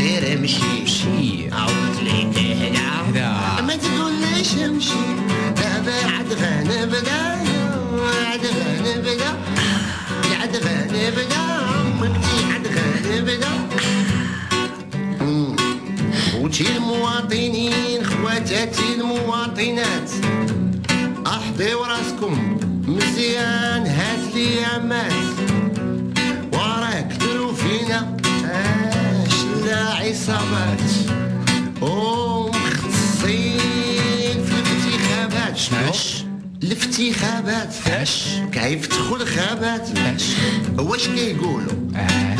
غير امشي امشي عود ليك هدا هدا ما تقوليش امشي دابا عاد غنبدا عاد غنبدا عاد غنبدا مبدي عاد غنبدا خوتي المواطنين خواتاتي المواطنات احضيو راسكم مزيان هات لي مات samać أم خصين في الانتخابات شنو؟ الانتخابات اش كيف تدخل خابات اش واش كيقولوا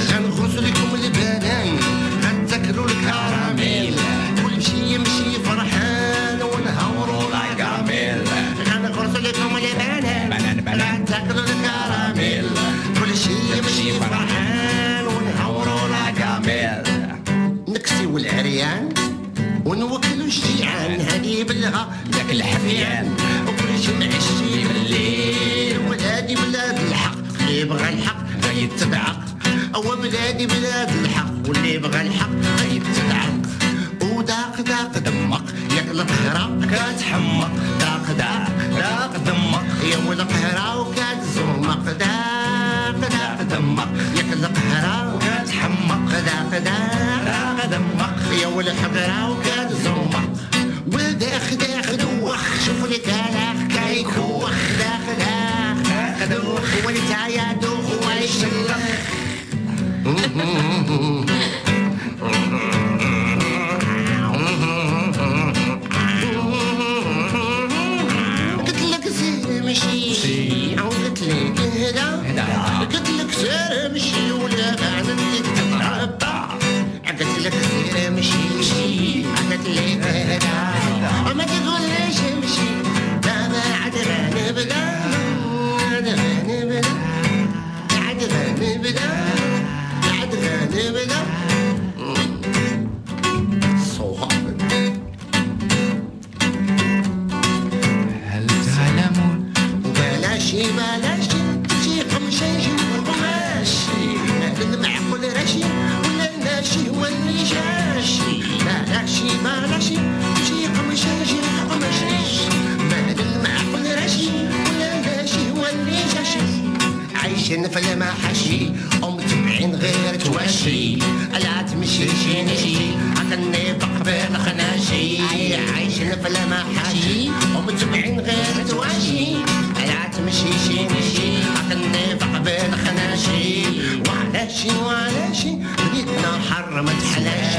غنغرسوا لكم البنان غنتاكلوا الكراميل كل شي يمشي فرحان ونهوروا لاكاميل غنغرسوا لكم البنان غنتاكلوا الكراميل كل شي يمشي فرحان العصيان وكلش نعشي بالليل ولادي بلاد الحق اللي يبغى الحق غيتبعق او بلادي بلاد الحق واللي يبغى الحق غيتبعق وداق داق دمق يا القهرة كتحمق داق داق داق دمق يا والقهرة وكتزمق داق داق دمق يا القهرة وكتحمق داق داق دمق يا والحقرة وكتزمق Machine. See, i get laid. Head out. Head out. Good luck, here هل تعلمون وبلاش بلاش شي قمشي شي قماشي المعقول راشي ولا ناشي هو اللي جاشي بلاش بلاش شي قمشي شي قماشي المعقول راشي ولا ناشي هو اللي جاشي عايشين في المحاشي مني بقبل خناشي عايشين بلا محاشي ومتبعين غير تواشي لا تمشي شي مشي عقلني بقبل خناشي وعلاشي وعلاشي بيتنا حرمت حلاشي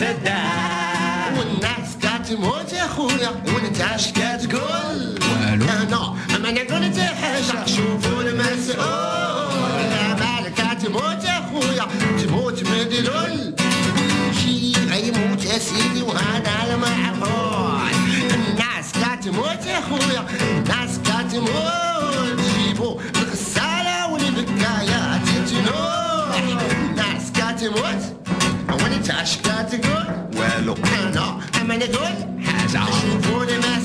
سدة والناس كتموت يا خويا وانت اش كتقول والو انا ما انا قلت حاجة شوفوا المسؤول العمال كتموت يا خويا تموت مدلول شي غيموت يا سيدي وهذا المعقول الناس كتموت يا خويا الناس كتموت جيبوا الغسالة والبكايات تنوح الناس كتموت Taş kağıdı gör. Well, look, I'm not. Hemen et ol. Has a. Şu bu ne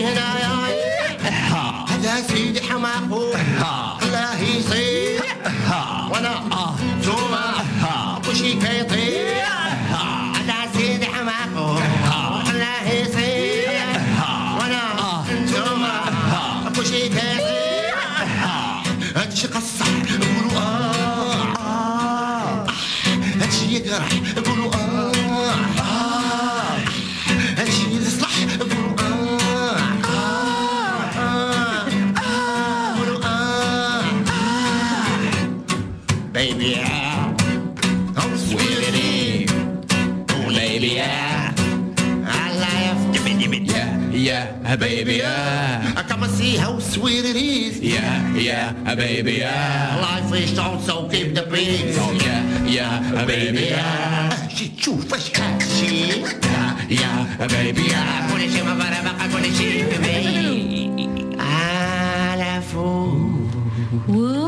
عندي هنايا هذا سيدي حماقو الله يصير وانا جوما وشي كيطيح هذا سيدي حماقو الله يصيح وانا جوما وشي كيطيح هادشي قصح قولوا اه هادشي يقرح قولوا اه a ah, baby, yeah. come and see how sweet it is. Yeah, yeah, a ah, baby, yeah. Life is also so give the peace. Oh, yeah, yeah, a ah, baby, yeah. She chew fresh crack, she. Yeah, yeah, a baby, yeah. Konnichiwa, barabaka, konnichiwa, baby. À la fois.